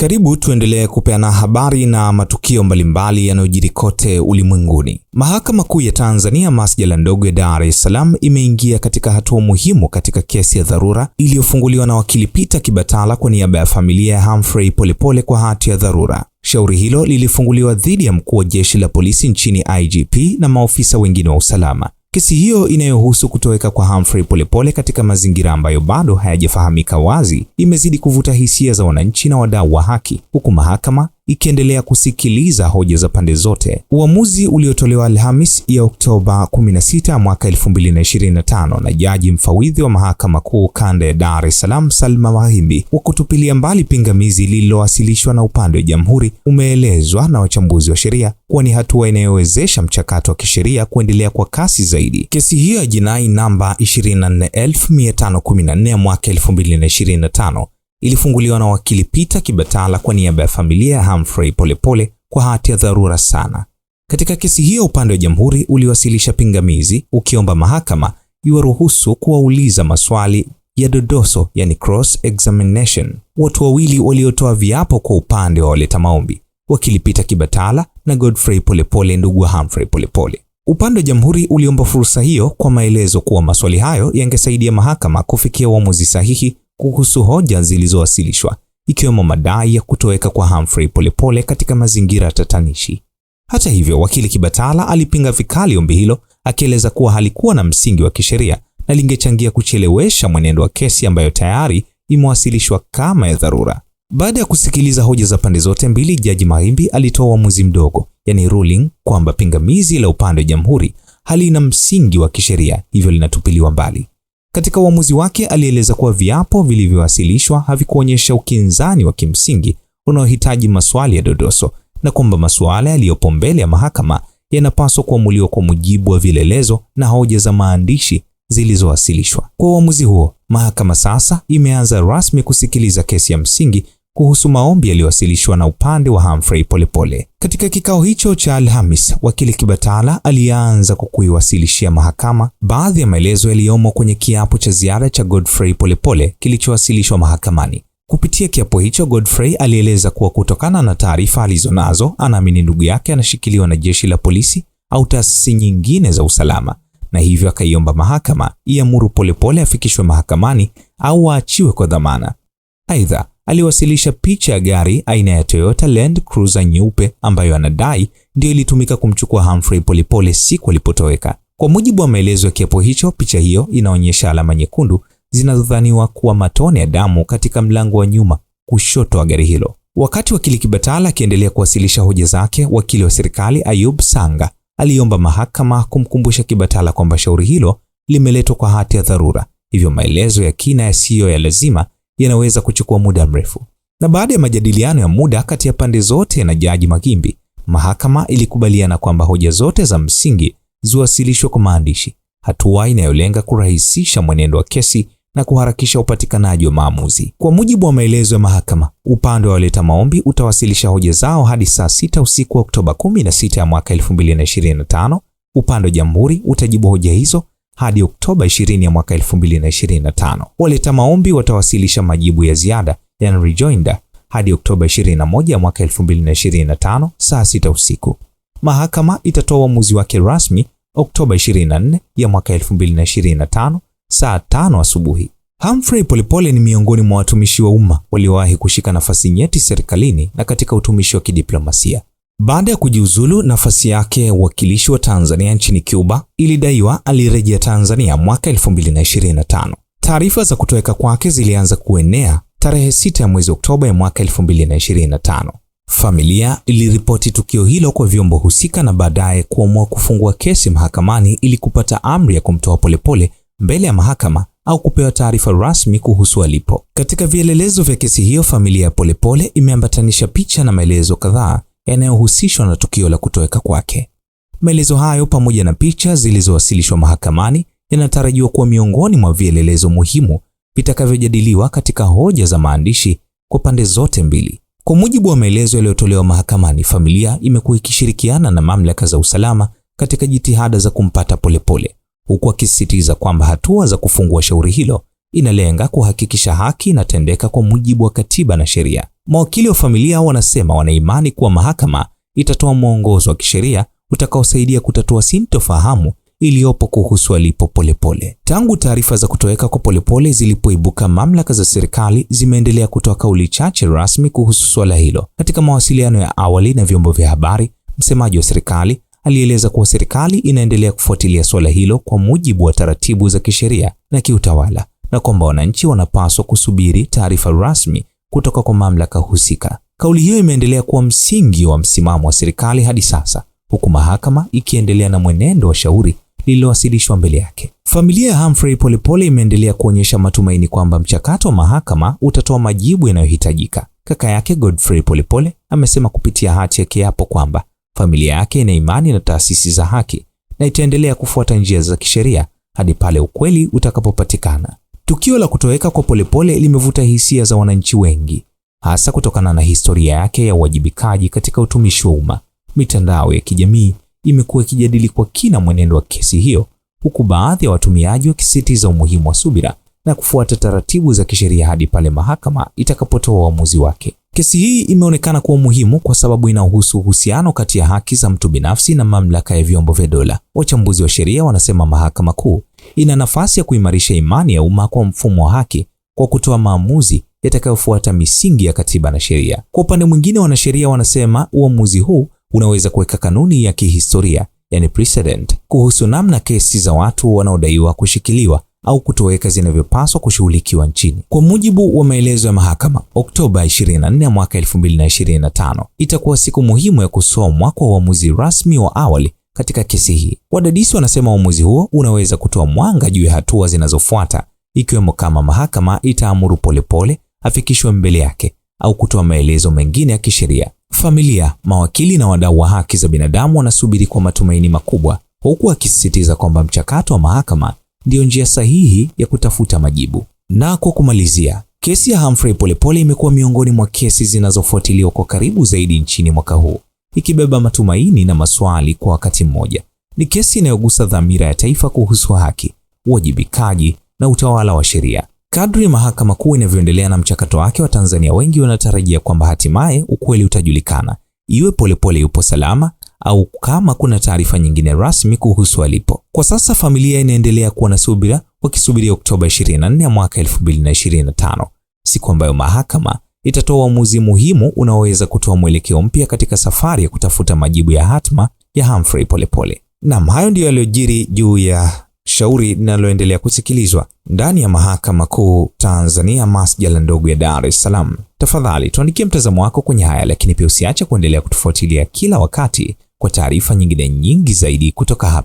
Karibu tuendelee kupeana habari na matukio mbalimbali yanayojiri kote ulimwenguni. Mahakama Kuu ya Tanzania masjala ndogo ya Dar es Salaam imeingia katika hatua muhimu katika kesi ya dharura iliyofunguliwa na wakili Peter Kibatala kwa niaba ya familia ya Humphrey Polepole kwa hati ya dharura. Shauri hilo lilifunguliwa dhidi ya mkuu wa jeshi la polisi nchini IGP na maofisa wengine wa usalama. Kesi hiyo inayohusu kutoweka kwa Humphrey Polepole katika mazingira ambayo bado hayajafahamika wazi imezidi kuvuta hisia za wananchi na wadau wa haki, huku mahakama ikiendelea kusikiliza hoja za pande zote. Uamuzi uliotolewa Alhamis ya Oktoba 16 mwaka 2025 na jaji mfawidhi wa mahakama kuu kanda ya Dar es Salaam Salma Mahimbi wa kutupilia mbali pingamizi lililowasilishwa na upande wa jamhuri umeelezwa na wachambuzi wa sheria kuwa ni hatua inayowezesha mchakato wa kisheria kuendelea kwa kasi zaidi. Kesi hiyo ya jinai namba 24514 mwaka 2025 ilifunguliwa na wakili Peter Kibatala kwa niaba ya familia ya Humphrey Polepole kwa hati ya dharura sana. Katika kesi hiyo, upande wa jamhuri uliwasilisha pingamizi ukiomba mahakama iwaruhusu kuwauliza maswali ya dodoso, yani cross examination, watu wawili waliotoa viapo kwa upande wa waleta maombi, wakili Peter Kibatala na Godfrey Polepole, ndugu wa Humphrey Polepole. Upande wa jamhuri uliomba fursa hiyo kwa maelezo kuwa maswali hayo yangesaidia mahakama kufikia uamuzi sahihi kuhusu hoja zilizowasilishwa ikiwemo madai ya kutoweka kwa Humphrey Polepole katika mazingira tatanishi. Hata hivyo, wakili Kibatala alipinga vikali ombi hilo, akieleza kuwa halikuwa na msingi wa kisheria na lingechangia kuchelewesha mwenendo wa kesi ambayo tayari imewasilishwa kama ya dharura. Baada ya kusikiliza hoja za pande zote mbili, Jaji Maimbi alitoa uamuzi mdogo, yani ruling, kwamba pingamizi la upande wa jamhuri halina msingi wa kisheria, hivyo linatupiliwa mbali. Katika uamuzi wake alieleza kuwa viapo vilivyowasilishwa havikuonyesha ukinzani wa kimsingi unaohitaji maswali ya dodoso na kwamba masuala yaliyopo mbele ya mahakama yanapaswa kuamuliwa kwa mujibu wa vilelezo na hoja za maandishi zilizowasilishwa. Kwa uamuzi huo, mahakama sasa imeanza rasmi kusikiliza kesi ya msingi kuhusu maombi yaliyowasilishwa na upande wa Humphrey Polepole. Katika kikao hicho cha Alhamis, wakili Kibatala alianza kwa kuiwasilishia mahakama baadhi ya maelezo yaliyomo kwenye kiapo cha ziara cha Godfrey Polepole kilichowasilishwa mahakamani. Kupitia kiapo hicho, Godfrey alieleza kuwa kutokana na taarifa alizonazo, anaamini ndugu yake anashikiliwa na jeshi la polisi au taasisi nyingine za usalama, na hivyo akaiomba mahakama iamuru Polepole afikishwe mahakamani au aachiwe kwa dhamana. Aidha, aliwasilisha picha ya gari aina ya Toyota Land Cruiser nyeupe ambayo anadai ndiyo ilitumika kumchukua Humphrey Polepole siku alipotoweka. Kwa mujibu wa maelezo ya kiapo hicho, picha hiyo inaonyesha alama nyekundu zinazodhaniwa kuwa matone ya damu katika mlango wa nyuma kushoto wa gari hilo. Wakati wakili Kibatala akiendelea kuwasilisha hoja zake, wakili wa serikali Ayub Sanga aliomba mahakama kumkumbusha Kibatala kwamba shauri hilo limeletwa kwa hati ya dharura, hivyo maelezo ya kina yasiyo ya lazima yanaweza kuchukua muda mrefu. Na baada ya majadiliano ya muda kati ya pande zote na Jaji Magimbi, mahakama ilikubaliana kwamba hoja zote za msingi ziwasilishwe kwa maandishi, hatua inayolenga kurahisisha mwenendo wa kesi na kuharakisha upatikanaji wa maamuzi. Kwa mujibu wa maelezo ya mahakama, upande wa waleta maombi utawasilisha hoja zao hadi saa sita usiku wa Oktoba 16 ya mwaka 2025. Upande wa jamhuri utajibu hoja hizo hadi Oktoba 20 ya mwaka 2025. Waleta maombi watawasilisha majibu ya ziada yani rejoinder hadi Oktoba 21 ya mwaka 2025 saa sita usiku. Mahakama itatoa uamuzi wake rasmi Oktoba 24 ya mwaka 2025 saa tano asubuhi. Humphrey Polepole ni miongoni mwa watumishi wa umma waliowahi kushika nafasi nyeti serikalini na katika utumishi wa kidiplomasia. Baada ya kujiuzulu nafasi yake ya uwakilishi wa Tanzania nchini Cuba, ilidaiwa alirejea Tanzania mwaka 2025. Taarifa za kutoweka kwake zilianza kuenea tarehe 6 ya mwezi Oktoba ya mwaka 2025. Familia iliripoti tukio hilo kwa vyombo husika na baadaye kuamua kufungua kesi mahakamani ili kupata amri ya kumtoa Polepole mbele ya mahakama au kupewa taarifa rasmi kuhusu alipo. Katika vielelezo vya kesi hiyo, familia ya Polepole imeambatanisha picha na maelezo kadhaa yanayohusishwa na tukio la kutoweka kwake. Maelezo hayo pamoja na picha zilizowasilishwa mahakamani yanatarajiwa kuwa miongoni mwa vielelezo muhimu vitakavyojadiliwa katika hoja za maandishi kwa pande zote mbili. Kwa mujibu wa maelezo yaliyotolewa mahakamani, familia imekuwa ikishirikiana na mamlaka za usalama katika jitihada za kumpata Polepole, huku akisisitiza kwamba hatua za kufungua shauri hilo inalenga kuhakikisha haki inatendeka kwa mujibu wa katiba na sheria. Mawakili wa familia wanasema wanaimani kuwa mahakama itatoa mwongozo wa kisheria utakaosaidia kutatua sintofahamu iliyopo kuhusu alipo Polepole. Tangu taarifa za kutoweka kwa Polepole zilipoibuka, mamlaka za serikali zimeendelea kutoa kauli chache rasmi kuhusu suala hilo. Katika mawasiliano ya awali na vyombo vya habari, msemaji wa serikali alieleza kuwa serikali inaendelea kufuatilia suala hilo kwa mujibu wa taratibu za kisheria na kiutawala na kwamba wananchi wanapaswa kusubiri taarifa rasmi kutoka kwa mamlaka husika. Kauli hiyo imeendelea kuwa msingi wa msimamo wa serikali hadi sasa, huku mahakama ikiendelea na mwenendo wa shauri lililowasilishwa mbele yake. Familia ya Humphrey Polepole imeendelea kuonyesha matumaini kwamba mchakato wa mahakama utatoa majibu yanayohitajika. Kaka yake Godfrey Polepole amesema kupitia hati ya kiapo kwamba familia yake ina imani na taasisi za haki na itaendelea kufuata njia za kisheria hadi pale ukweli utakapopatikana. Tukio la kutoweka kwa Polepole limevuta hisia za wananchi wengi, hasa kutokana na historia yake ya uwajibikaji katika utumishi wa umma. Mitandao ya kijamii imekuwa ikijadili kwa kina mwenendo wa kesi hiyo, huku baadhi ya watumiaji wakisisitiza umuhimu wa subira na kufuata taratibu za kisheria hadi pale mahakama itakapotoa uamuzi wake. Kesi hii imeonekana kuwa muhimu kwa sababu inahusu uhusiano kati ya haki za mtu binafsi na mamlaka ya vyombo vya dola. Wachambuzi wa sheria wanasema Mahakama Kuu ina nafasi ya kuimarisha imani ya umma kwa mfumo wa haki kwa kutoa maamuzi yatakayofuata misingi ya katiba na sheria. Kwa upande mwingine, wanasheria wanasema uamuzi huu unaweza kuweka kanuni ya kihistoria, yani precedent, kuhusu namna kesi za watu wanaodaiwa kushikiliwa au kutoweka zinavyopaswa kushughulikiwa nchini. Kwa mujibu wa maelezo ya mahakama, Oktoba 24 mwaka 2025 itakuwa siku muhimu ya kusomwa kwa uamuzi rasmi wa awali katika kesi hii. Wadadisi wanasema uamuzi huo unaweza kutoa mwanga juu ya hatua zinazofuata, ikiwemo kama mahakama itaamuru Polepole afikishwe mbele yake au kutoa maelezo mengine ya kisheria. Familia, mawakili na wadau wa haki za binadamu wanasubiri kwa matumaini makubwa, huku akisisitiza kwamba mchakato wa mahakama ndiyo njia sahihi ya kutafuta majibu. Na kwa kumalizia, kesi ya Humphrey Polepole imekuwa miongoni mwa kesi zinazofuatiliwa kwa karibu zaidi nchini mwaka huu, ikibeba matumaini na maswali kwa wakati mmoja. Ni kesi inayogusa dhamira ya taifa kuhusu haki, uwajibikaji na utawala wa sheria. Kadri mahakama kuu inavyoendelea na mchakato wake, wa Tanzania wengi wanatarajia kwamba hatimaye ukweli utajulikana, iwe Polepole yupo salama au kama kuna taarifa nyingine rasmi kuhusu alipo. Kwa sasa familia inaendelea kuwa na subira, wakisubiria Oktoba 24 ya mwaka 2025, siku ambayo mahakama itatoa uamuzi muhimu unaoweza kutoa mwelekeo mpya katika safari ya kutafuta majibu ya hatma ya Humphrey Polepole. Naam, hayo ndiyo yaliyojiri juu ya shauri linaloendelea kusikilizwa ndani ya Mahakama Kuu Tanzania, masjala ndogo ya Dar es Salaam. Tafadhali tuandikie mtazamo wako kwenye haya, lakini pia usiache kuendelea kutufuatilia kila wakati kwa taarifa nyingine nyingi zaidi kutoka hapa.